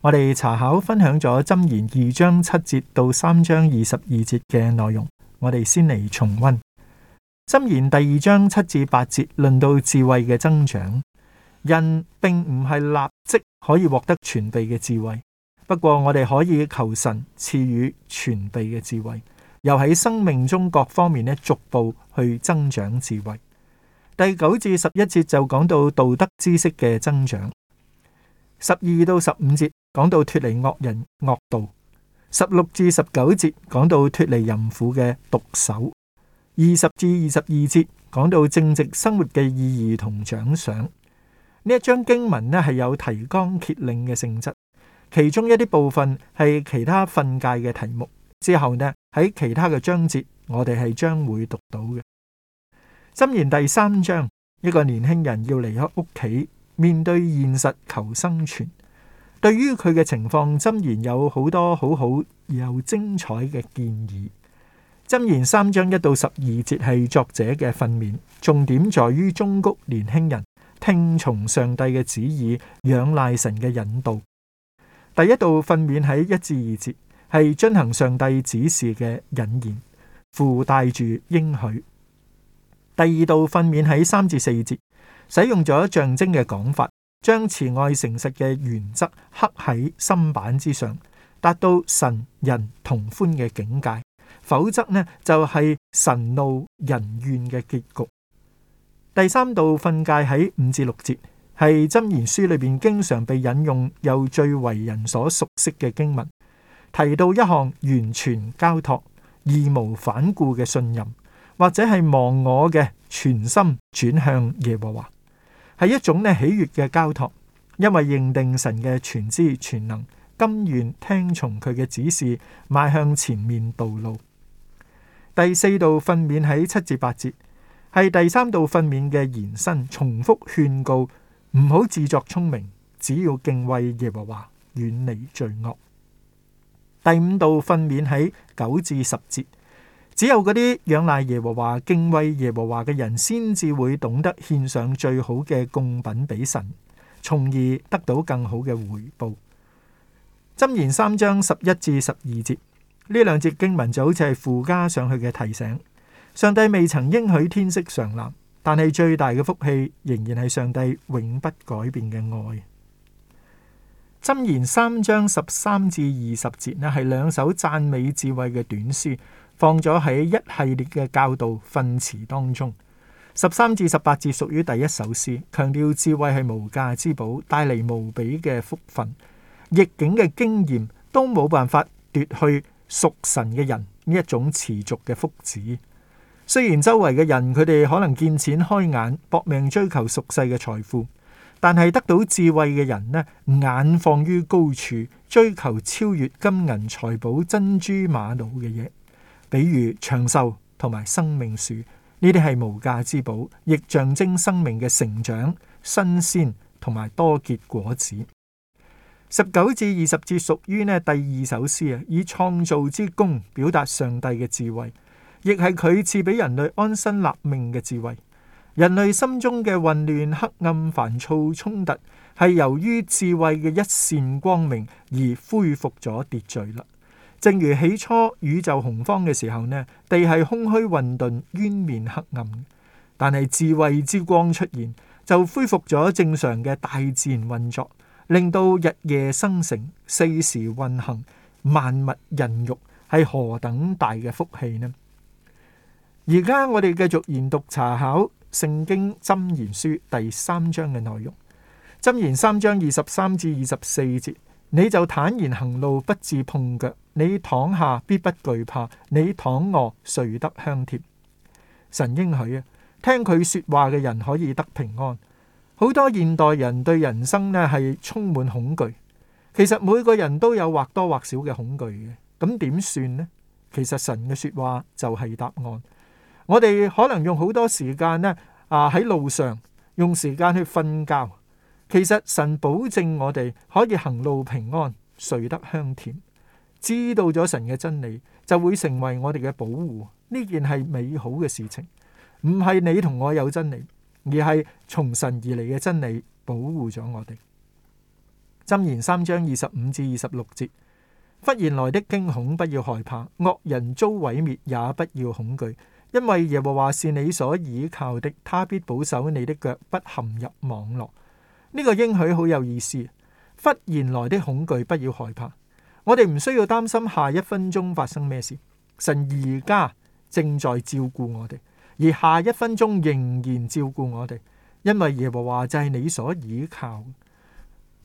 我哋查考分享咗《箴言》二章七節到三章二十二節嘅內容，我哋先嚟重温《箴言》第二章七至八節，論到智慧嘅增長。人並唔係立即可以獲得全備嘅智慧，不過我哋可以求神賜予全備嘅智慧，又喺生命中各方面呢逐步去增長智慧。第九至十一節就講到道德知識嘅增長。十二到十五節講到脱離惡人惡道，十六至十九節講到脱離淫婦嘅毒手，二十至二十二節講到正直生活嘅意義同獎賞。呢一章經文呢係有提綱挈領嘅性質，其中一啲部分係其他訓誡嘅題目。之後呢喺其他嘅章節，我哋係將會讀到嘅。箴言第三章，一個年輕人要離開屋企。面對現實求生存，對於佢嘅情況，箴言有好多好好又精彩嘅建議。箴言三章一到十二節係作者嘅訓勉，重點在於中谷年輕人聽從上帝嘅旨意，仰賴神嘅引導。第一度訓勉喺一至二節，係遵行上帝指示嘅引言，附帶住應許。第二度訓勉喺三至四節。使用咗象徵嘅講法，將慈愛誠實嘅原則刻喺心板之上，達到神人同歡嘅境界。否則呢，就係神怒人怨嘅結局。第三道訓誡喺五至六節，係箴言書裏邊經常被引用又最為人所熟悉嘅經文，提到一項完全交託、義無反顧嘅信任，或者係忘我嘅全心轉向耶和華。係一種咧喜悅嘅交托，因為認定神嘅全知全能，甘願聽從佢嘅指示，邁向前面道路。第四度訓勉喺七至八節，係第三度訓勉嘅延伸，重複勸告唔好自作聰明，只要敬畏耶和華，遠離罪惡。第五度訓勉喺九至十節。只有嗰啲仰賴耶和華、敬畏耶和華嘅人，先至會懂得獻上最好嘅供品俾神，從而得到更好嘅回報。箴言三章十一至十二節，呢兩節經文就好似係附加上去嘅提醒。上帝未曾應許天色常藍，但係最大嘅福氣仍然係上帝永不改變嘅愛。箴言三章十三至二十節呢，係兩首讚美智慧嘅短詩。放咗喺一系列嘅教導訓詞當中，十三至十八節屬於第一首詩，強調智慧係無價之寶，帶嚟無比嘅福分。逆境嘅經驗都冇辦法奪去屬神嘅人呢一種持續嘅福祉。雖然周圍嘅人佢哋可能見錢開眼，搏命追求俗世嘅財富，但係得到智慧嘅人呢，眼放於高處，追求超越金銀財寶、珍珠瑪瑙嘅嘢。比如長壽同埋生命樹，呢啲係無價之寶，亦象徵生命嘅成長、新鮮同埋多結果子。十九至二十節屬於呢第二首詩啊，以創造之功表達上帝嘅智慧，亦係佢賜俾人類安身立命嘅智慧。人類心中嘅混亂、黑暗、煩躁、衝突，係由於智慧嘅一綫光明而恢復咗秩序啦。正如起初宇宙洪荒嘅時候呢，地係空虛混沌，淵面黑暗。但係智慧之光出現，就恢復咗正常嘅大自然運作，令到日夜生成、四時運行、萬物孕育係何等大嘅福氣呢？而家我哋繼續研讀查考《聖經箴言書》第三章嘅內容，箴言三章二十三至二十四節。你就坦然行路，不致碰腳；你躺下必不懼怕，你躺臥睡得香甜。神應許啊，聽佢說話嘅人可以得平安。好多現代人對人生呢係充滿恐懼，其實每個人都有或多或少嘅恐懼嘅。咁點算呢？其實神嘅說話就係答案。我哋可能用好多時間呢啊，喺路上用時間去瞓覺。其實神保證我哋可以行路平安，睡得香甜。知道咗神嘅真理，就會成為我哋嘅保護。呢件係美好嘅事情，唔係你同我有真理，而係從神而嚟嘅真理保護咗我哋。箴言三章二十五至二十六節：忽然來的驚恐，不要害怕；惡人遭毀滅，也不要恐懼。因為耶和華是你所倚靠的，他必保守你的腳不陷入網絡。呢個應許好有意思，忽然來的恐懼不要害怕，我哋唔需要擔心下一分鐘發生咩事，神而家正在照顧我哋，而下一分鐘仍然照顧我哋，因為耶和華就係你所倚靠，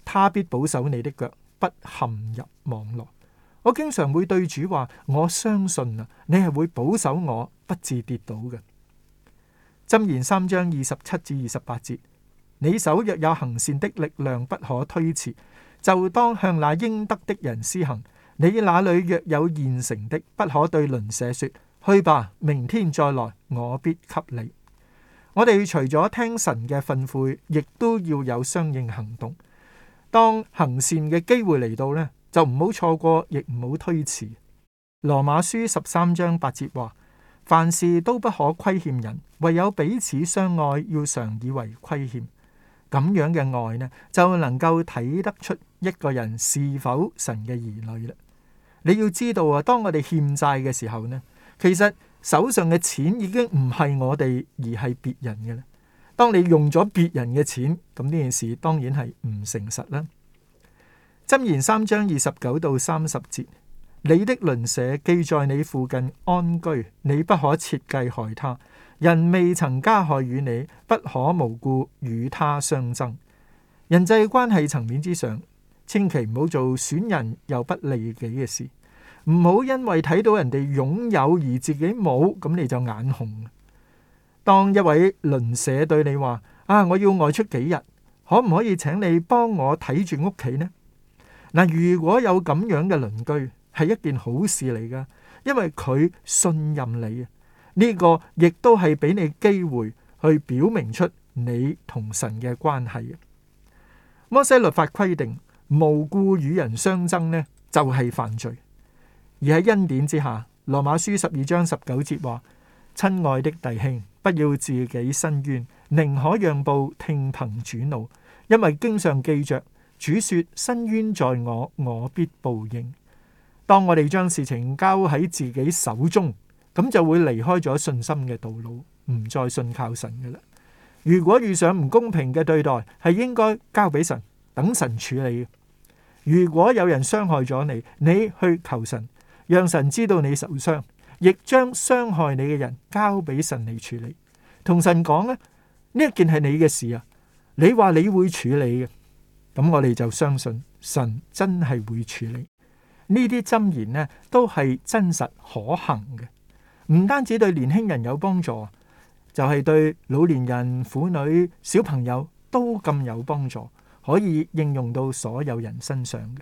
他必保守你的腳，不陷入網羅。我經常會對主話，我相信啊，你係會保守我不致跌倒嘅。箴言三章二十七至二十八節。你手若有行善的力量，不可推辭，就當向那應得的人施行。你那裏若有現成的，不可對鄰舍說：去吧，明天再來，我必給你。我哋除咗聽神嘅訓誨，亦都要有相應行動。當行善嘅機會嚟到呢，就唔好錯過，亦唔好推辭。羅馬書十三章八節話：凡事都不可虧欠人，唯有彼此相愛，要常以為虧欠。咁樣嘅愛呢，就能夠睇得出一個人是否神嘅疑女兒女啦。你要知道啊，當我哋欠債嘅時候呢，其實手上嘅錢已經唔係我哋而係別人嘅啦。當你用咗別人嘅錢，咁呢件事當然係唔誠實啦。箴言三章二十九到三十節，你的鄰舍既在你附近安居，你不可設計害他。人未曾加害於你，不可無故與他相爭。人際關係層面之上，千祈唔好做損人又不利己嘅事。唔好因為睇到人哋擁有而自己冇，咁你就眼紅。當一位鄰舍對你話：啊，我要外出幾日，可唔可以請你幫我睇住屋企呢？嗱，如果有咁樣嘅鄰居，係一件好事嚟㗎，因為佢信任你啊。呢個亦都係俾你機會去表明出你同神嘅關係。摩西律法規定無故與人相爭呢，就係犯罪。而喺恩典之下，羅馬書十二章十九節話：親愛的弟兄，不要自己申冤，寧可讓步聽憑主怒，因為經常記着主說：申冤在我，我必報應。當我哋將事情交喺自己手中。咁就會離開咗信心嘅道路，唔再信靠神嘅啦。如果遇上唔公平嘅對待，係應該交俾神等神處理嘅。如果有人傷害咗你，你去求神，讓神知道你受傷，亦將傷害你嘅人交俾神嚟處理。同神講呢，呢一件係你嘅事啊，你話你會處理嘅，咁我哋就相信神真係會處理。呢啲箴言呢都係真實可行嘅。唔單止對年輕人有幫助，就係、是、對老年人、婦女、小朋友都咁有幫助，可以應用到所有人身上嘅。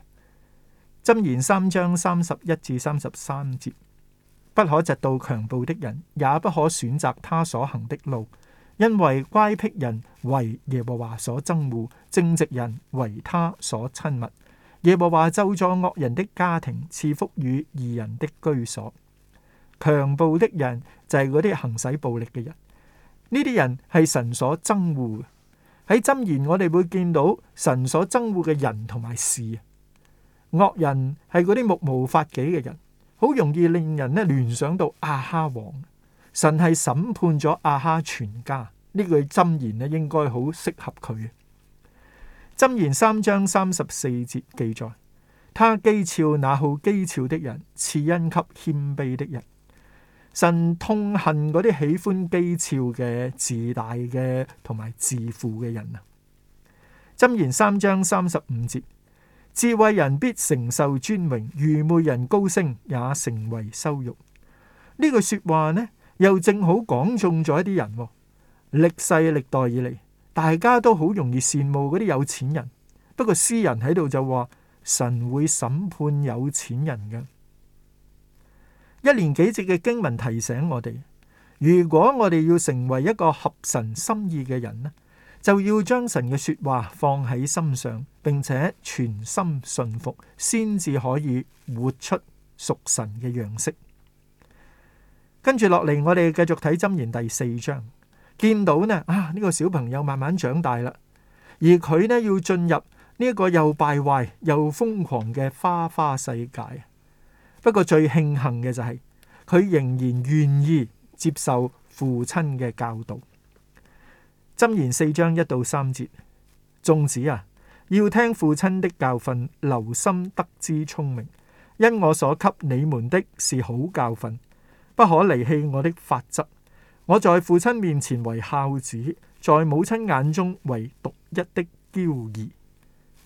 箴言三章三十一至三十三節，不可直到強暴的人，也不可選擇他所行的路，因為乖僻人為耶和華所憎惡，正直人為他所親密。耶和華咒詛惡人的家庭，賜福與義人的居所。強暴的人就係嗰啲行使暴力嘅人。呢啲人係神所憎惡嘅。喺箴言我哋會見到神所憎惡嘅人同埋事啊。惡人係嗰啲目無法紀嘅人，好容易令人咧聯想到亞哈王。神係審判咗亞哈全家，呢句箴言咧，應該好適合佢。箴言三章三十四節記載，他譏誚那好譏誚的人，賜恩給謙卑的人。神痛恨嗰啲喜歡譏誚嘅、自大嘅同埋自負嘅人啊！箴言三章三十五節，智慧人必承受尊榮，愚昧人高升也成為羞辱。呢句說話呢，又正好講中咗一啲人。歷世歷代以嚟，大家都好容易羨慕嗰啲有錢人。不過詩人喺度就話，神會審判有錢人嘅。一連幾節嘅經文提醒我哋，如果我哋要成為一個合神心意嘅人咧，就要將神嘅說話放喺心上，並且全心信服，先至可以活出屬神嘅樣式。跟住落嚟，我哋繼續睇箴言第四章，見到呢啊呢、呢個小朋友慢慢長大啦，而佢呢要進入呢一個又敗壞又瘋狂嘅花花世界。不過最慶幸嘅就係、是、佢仍然願意接受父親嘅教導。箴言四章一到三節，眾子啊，要聽父親的教訓，留心得知聰明。因我所給你們的是好教訓，不可離棄我的法則。我在父親面前為孝子，在母親眼中為獨一的嬌兒。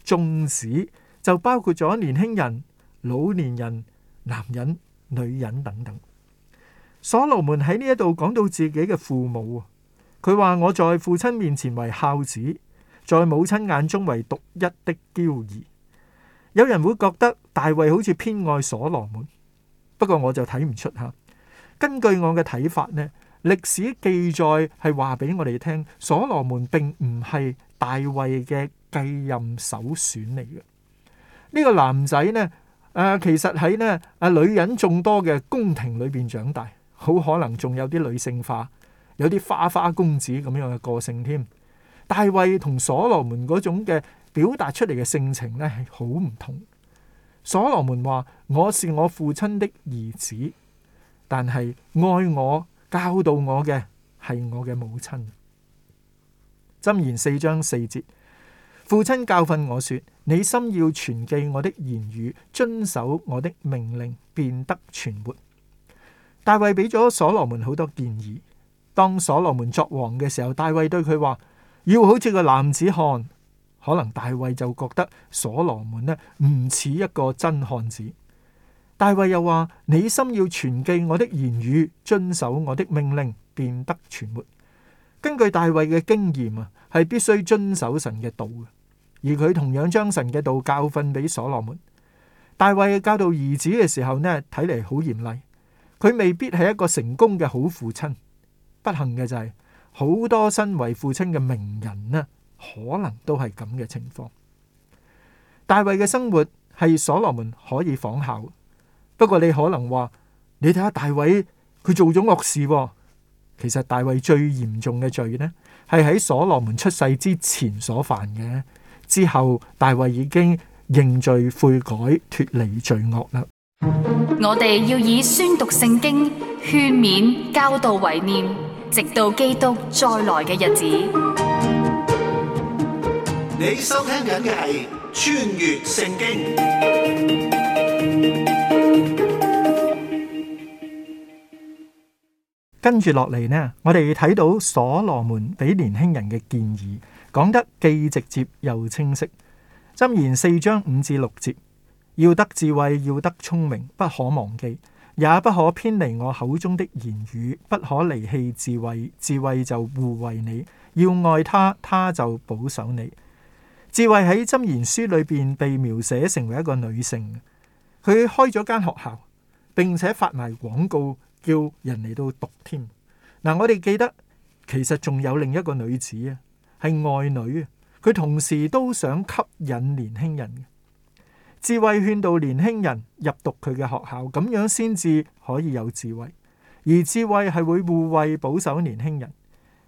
眾子就包括咗年輕人、老年人、男人、女人等等，所羅門喺呢一度講到自己嘅父母，佢話，我在父親面前為孝子，在母親眼中為獨一的嬌兒。有人會覺得大衛好似偏愛所羅門，不過我就睇唔出吓。根據我嘅睇法呢，歷史記載係話俾我哋聽，所羅門並唔係大衛嘅繼任首選嚟嘅。呢、這個男仔呢。誒其實喺呢，阿女人眾多嘅宮廷裏邊長大，好可能仲有啲女性化，有啲花花公子咁樣嘅個性添。大衛同所羅門嗰種嘅表達出嚟嘅性情呢，係好唔同。所羅門話：我是我父親的兒子，但係愛我、教導我嘅係我嘅母親。箴言四章四節，父親教訓我說。你心要存記我的言語，遵守我的命令，便得存活。大衛俾咗所羅門好多建議。當所羅門作王嘅時候，大衛對佢話：要好似個男子漢。可能大衛就覺得所羅門呢，唔似一個真漢子。大衛又話：你心要存記我的言語，遵守我的命令，便得存活。根據大衛嘅經驗啊，係必須遵守神嘅道嘅。而佢同樣將神嘅道教訓俾所羅門。大衛教到兒子嘅時候呢，睇嚟，好嚴厲。佢未必係一個成功嘅好父親。不幸嘅就係、是、好多身為父親嘅名人呢，可能都係咁嘅情況。大衛嘅生活係所羅門可以仿效。不過你可能話，你睇下大衛佢做咗惡事，哦。其實大衛最嚴重嘅罪呢，係喺所羅門出世之前所犯嘅。之後，大衛已經認罪悔改，脫離罪惡啦。我哋要以宣讀聖經、勸勉、教導為念，直到基督再來嘅日子。你收聽緊嘅係穿越聖經。跟住落嚟呢，我哋睇到所羅門俾年輕人嘅建議。講得既直接又清晰。《箴言》四章五至六節，要得智慧，要得聰明，不可忘記，也不可偏離我口中的言語，不可離棄智慧。智慧就護衛你，要愛他，他就保守你。智慧喺《箴言》書裏邊被描寫成為一個女性，佢開咗間學校，並且發埋廣告叫人嚟到讀添。嗱、嗯，我哋記得其實仲有另一個女子啊。係愛女，佢同時都想吸引年輕人。智慧勸導年輕人入讀佢嘅學校，咁樣先至可以有智慧。而智慧係會護衛保守年輕人。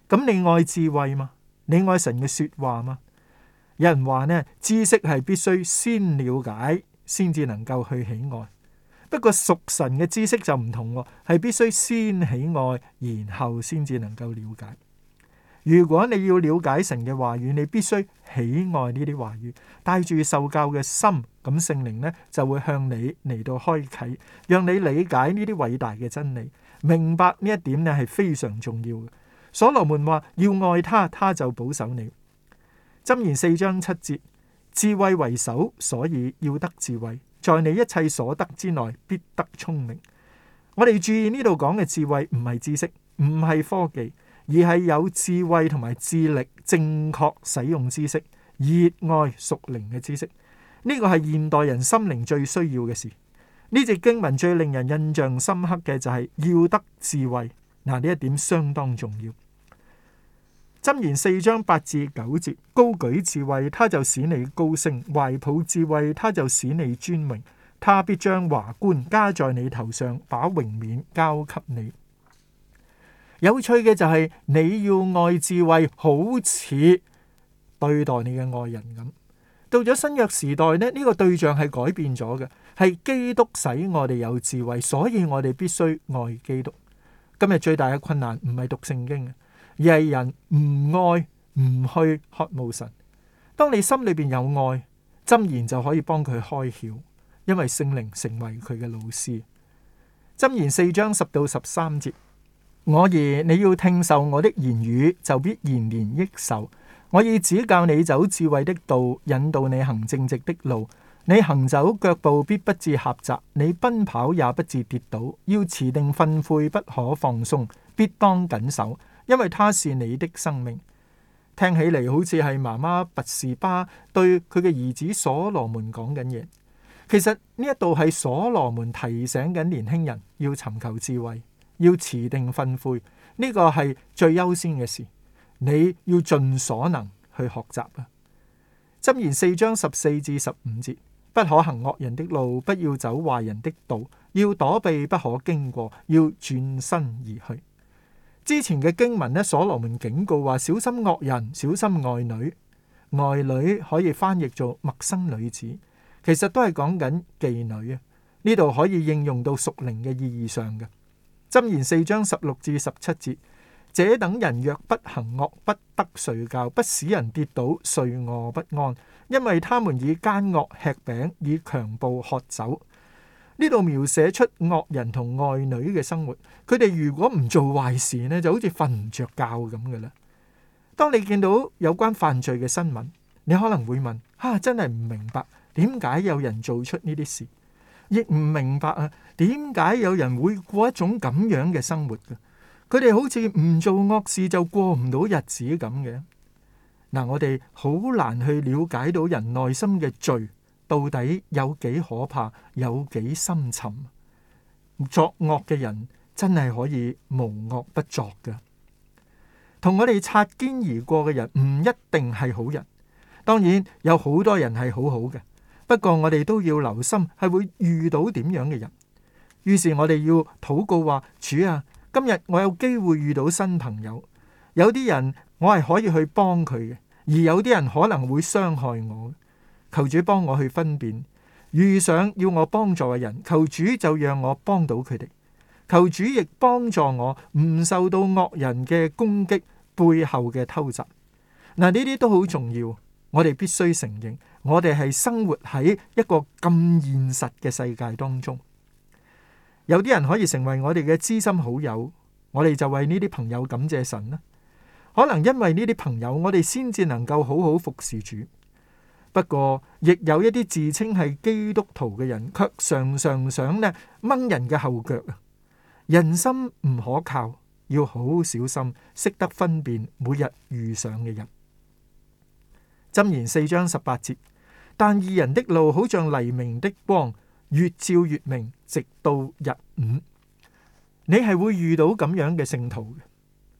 咁你愛智慧嗎？你愛神嘅說話嗎？有人話呢，知識係必須先了解，先至能夠去喜愛。不過屬神嘅知識就唔同，係必須先喜愛，然後先至能夠了解。如果你要了解神嘅話語，你必須喜愛呢啲話語，帶住受教嘅心，咁聖靈咧就會向你嚟到開啟，讓你理解呢啲偉大嘅真理。明白呢一點咧係非常重要嘅。所羅門話：要愛他，他就保守你。箴言四章七節，智慧為首，所以要得智慧，在你一切所得之內必得聰明。我哋注意呢度講嘅智慧唔係知識，唔係科技。而係有智慧同埋智力，正確使用知識，熱愛屬靈嘅知識，呢個係現代人心靈最需要嘅事。呢隻經文最令人印象深刻嘅就係要得智慧，嗱呢一點相當重要。箴言四章八至九節，高舉智慧，他就使你高升；懷抱智慧，他就使你尊榮。他必將華冠加在你頭上，把榮冕交給你。有趣嘅就係你要愛智慧，好似對待你嘅愛人咁。到咗新約時代呢，呢，呢個對象係改變咗嘅，係基督使我哋有智慧，所以我哋必須愛基督。今日最大嘅困難唔係讀聖經，而係人唔愛唔去渴慕神。當你心裏邊有愛，箴言就可以幫佢開竅，因為聖靈成為佢嘅老師。箴言四章十到十三節。我兒，你要聽受我的言語，就必延年益壽。我已指教你走智慧的道，引導你行正直的路。你行走腳步必不至狹窄，你奔跑也不至跌倒。要持定訓誨，不可放鬆，必當謹守，因為它是你的生命。聽起嚟好似係媽媽拔士巴對佢嘅兒子所羅門講緊嘢，其實呢一度係所羅門提醒緊年輕人要尋求智慧。要持定分悔呢，這個係最優先嘅事。你要盡所能去學習啊。箴言四章十四至十五節，不可行惡人的路，不要走壞人的道，要躲避不可經過，要轉身而去。之前嘅經文呢，所羅門警告話：小心惡人，小心外女。外女可以翻譯做陌生女子，其實都係講緊妓女啊。呢度可以應用到屬靈嘅意義上嘅。箴言四章十六至十七節，這等人若不行惡，不得睡覺，不使人跌倒，睡臥不安，因為他們以奸惡吃餅，以強暴喝酒。呢度描寫出惡人同外女嘅生活。佢哋如果唔做壞事呢，就好似瞓唔着覺咁嘅啦。當你見到有關犯罪嘅新聞，你可能會問：啊，真係唔明白點解有人做出呢啲事？亦唔明白啊，點解有人會過一種咁樣嘅生活嘅？佢哋好似唔做惡事就過唔到日子咁嘅。嗱、啊，我哋好難去了解到人內心嘅罪到底有幾可怕，有幾深沉。作惡嘅人真係可以無惡不作㗎。同我哋擦肩而過嘅人唔一定係好人，當然有好多人係好好嘅。不過我哋都要留心，係會遇到點樣嘅人。於是我哋要禱告話：主啊，今日我有機會遇到新朋友，有啲人我係可以去幫佢嘅，而有啲人可能會傷害我。求主幫我去分辨，遇上要我幫助嘅人，求主就讓我幫到佢哋。求主亦幫助我，唔受到惡人嘅攻擊、背後嘅偷襲。嗱，呢啲都好重要。我哋必須承認，我哋係生活喺一個咁現實嘅世界當中。有啲人可以成為我哋嘅知心好友，我哋就為呢啲朋友感謝神啦。可能因為呢啲朋友，我哋先至能夠好好服侍主。不過，亦有一啲自稱係基督徒嘅人，卻常常想呢掹人嘅後腳！人心唔可靠，要好小心，識得分辨，每日遇上嘅人。箴言四章十八節，但異人的路好像黎明的光，越照越明，直到日午。你係會遇到咁樣嘅聖徒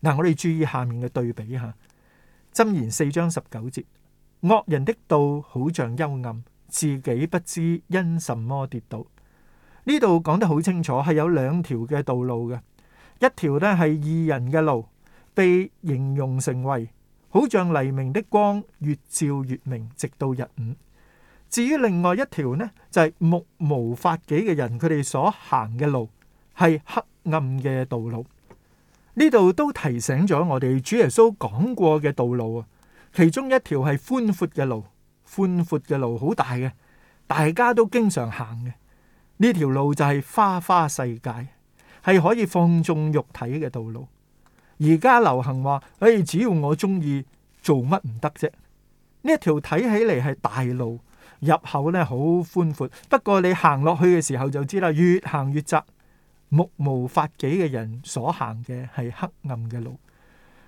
嘅。嗱，我哋注意下面嘅對比吓。箴言四章十九節，惡人的道好像幽暗，自己不知因什麼跌倒。呢度講得好清楚，係有兩條嘅道路嘅，一條呢係異人嘅路，被形容成為，好像黎明的光，越照越明，直到日午。至於另外一條呢，就係、是、目無法紀嘅人，佢哋所行嘅路係黑暗嘅道路。呢度都提醒咗我哋主耶穌講過嘅道路啊。其中一條係寬闊嘅路，寬闊嘅路好大嘅，大家都經常行嘅。呢條路就係花花世界，係可以放縱肉體嘅道路。而家流行話，誒、哎，只要我中意做乜唔得啫？呢一條睇起嚟係大路，入口呢好寬闊，不過你行落去嘅時候就知啦，越行越窄。目無法紀嘅人所行嘅係黑暗嘅路，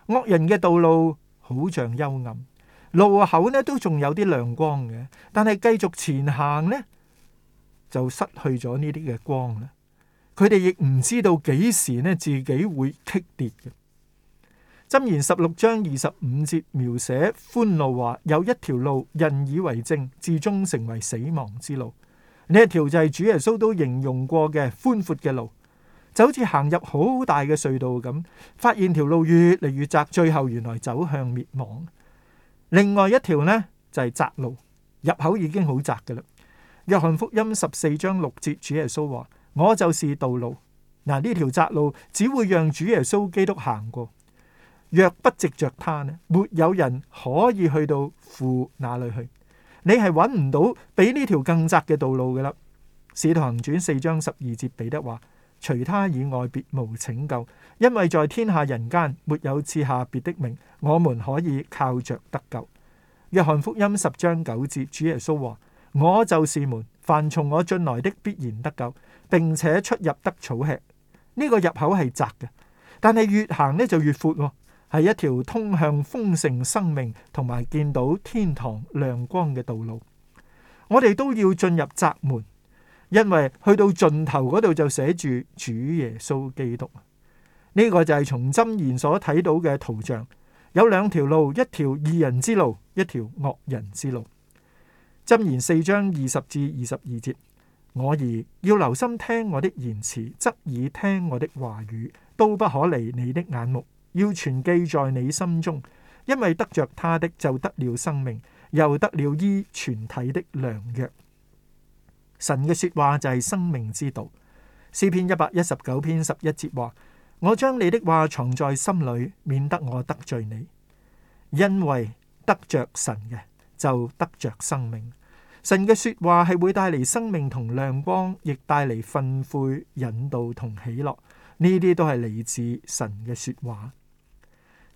惡人嘅道路好像幽暗。路口呢都仲有啲亮光嘅，但係繼續前行呢，就失去咗呢啲嘅光啦。佢哋亦唔知道幾時呢自己會跌跌嘅。箴言十六章二十五節描寫寬路，話有一條路人以為正，至終成為死亡之路。呢一條就係主耶穌都形容過嘅寬闊嘅路，就好似行入好大嘅隧道咁，發現條路越嚟越窄，最後原來走向滅亡。另外一條呢，就係、是、窄路，入口已經好窄噶啦。約翰福音十四章六節，主耶穌話：我就是道路。嗱，呢條窄路只會讓主耶穌基督行過。若不藉着他呢，沒有人可以去到父那裏去。你係揾唔到比呢條更窄嘅道路嘅啦。使徒行傳四章十二節，彼得話，除他以外，別無拯救，因為在天下人間沒有賜下別的名，我們可以靠着得救。約翰福音十章九節主耶穌話，我就是門，凡從我進來的必然得救，並且出入得草吃。呢、這個入口係窄嘅，但係越行呢就越闊、哦。係一條通向豐盛生命同埋見到天堂亮光嘅道路。我哋都要進入窄門，因為去到盡頭嗰度就寫住主耶穌基督。呢、這個就係從箴言所睇到嘅圖像。有兩條路，一條義人之路，一條惡人之路。箴言四章二十至二十二節：我兒要留心聽我的言辭，側耳聽我的話語，都不可離你的眼目。要存記在你心中，因為得着他的就得了生命，又得了醫全體的良藥。神嘅說話就係生命之道。詩篇一百一十九篇十一節話：我將你的話藏在心裏，免得我得罪你。因為得着神嘅就得着生命。神嘅說話係會帶嚟生命同亮光，亦帶嚟訓誨、引導同喜樂。呢啲都係嚟自神嘅說話。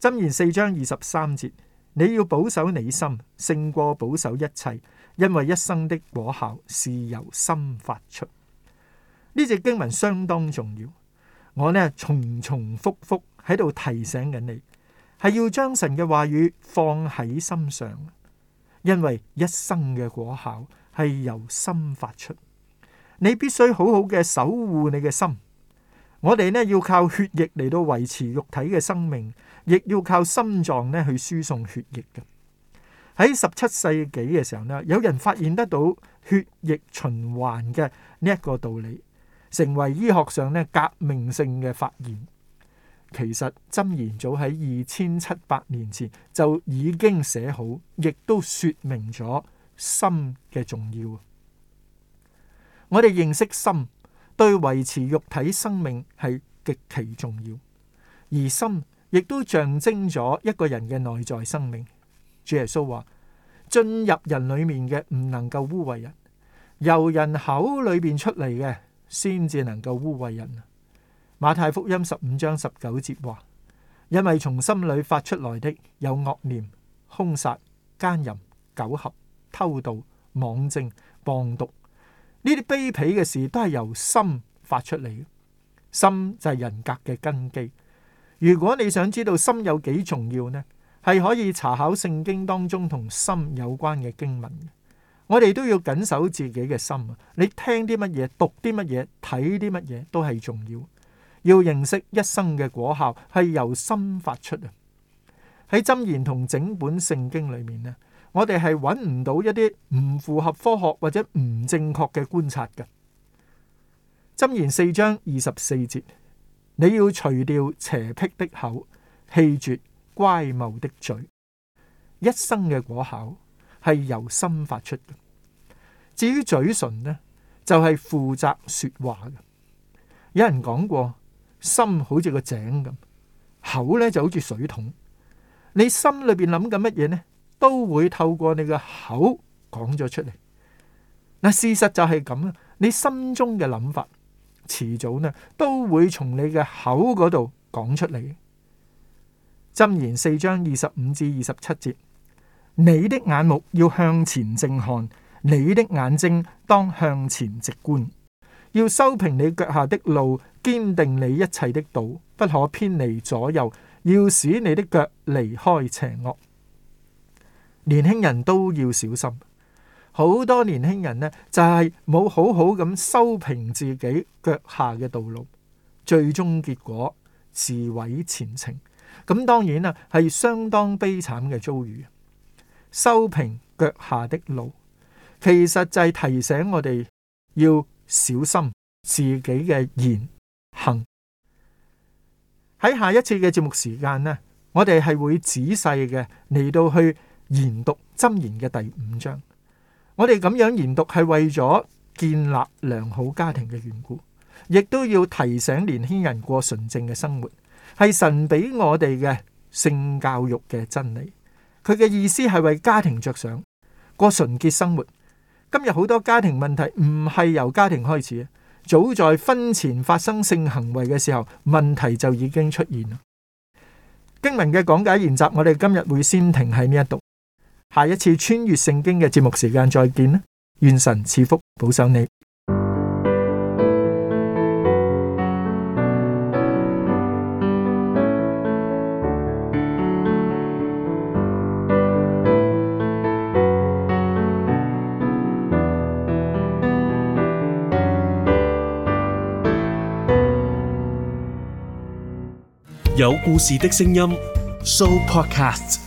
箴言四章二十三節，你要保守你心，勝過保守一切，因為一生的果效是由心發出。呢隻經文相當重要，我呢重重複複喺度提醒緊你，係要將神嘅話語放喺心上，因為一生嘅果效係由心發出。你必須好好嘅守護你嘅心。我哋呢要靠血液嚟到維持肉體嘅生命。亦要靠心臟咧去輸送血液嘅。喺十七世紀嘅時候咧，有人發現得到血液循環嘅呢一個道理，成為醫學上咧革命性嘅發現。其實箴言早喺二千七百年前就已經寫好，亦都說明咗心嘅重要。我哋認識心對維持肉體生命係極其重要，而心。亦都象徵咗一個人嘅內在生命。主耶穌話：進入人裏面嘅唔能夠污穢人，由人口裏邊出嚟嘅先至能夠污穢人。馬太福音十五章十九節話：因為從心裏發出來的有惡念、兇殺、奸淫、苟合、偷盜、妄證、謗讀，呢啲卑鄙嘅事都係由心發出嚟。心就係人格嘅根基。如果你想知道心有幾重要呢，係可以查考聖經當中同心有關嘅經文。我哋都要緊守自己嘅心啊！你聽啲乜嘢，讀啲乜嘢，睇啲乜嘢都係重要。要認識一生嘅果效係由心發出啊！喺箴言同整本聖經裏面呢，我哋係揾唔到一啲唔符合科學或者唔正確嘅觀察嘅。箴言四章二十四節。你要除掉邪僻的口，棄絕乖謬的嘴。一生嘅果效係由心發出嘅。至於嘴唇呢，就係、是、負責說話嘅。有人講過，心好似個井咁，口呢就好似水桶。你心裏邊諗緊乜嘢呢，都會透過你個口講咗出嚟。嗱，事實就係咁啦。你心中嘅諗法，遲早呢都會從你嘅口嗰度講出嚟。箴言四章二十五至二十七節，你的眼目要向前正看，你的眼睛當向前直觀，要修平你腳下的路，堅定你一切的道，不可偏離左右，要使你的腳離開邪惡。年輕人都要小心。好多年輕人呢，就係冇好好咁修平自己腳下嘅道路，最終結果自毀前程。咁當然啦，係相當悲慘嘅遭遇。修平腳下的路，其實就係提醒我哋要小心自己嘅言行。喺下一次嘅節目時間呢，我哋係會仔細嘅嚟到去研讀箴言嘅第五章。我哋咁樣研讀係為咗建立良好家庭嘅緣故，亦都要提醒年輕人過純正嘅生活，係神俾我哋嘅性教育嘅真理。佢嘅意思係為家庭着想，過純潔生活。今日好多家庭問題唔係由家庭開始，早在婚前發生性行為嘅時候，問題就已經出現啦。經文嘅講解研習，我哋今日會先停喺呢一度。下一次穿越聖經嘅節目時間再見啦！願神賜福保守你。有故事的聲音 Sooopodcast。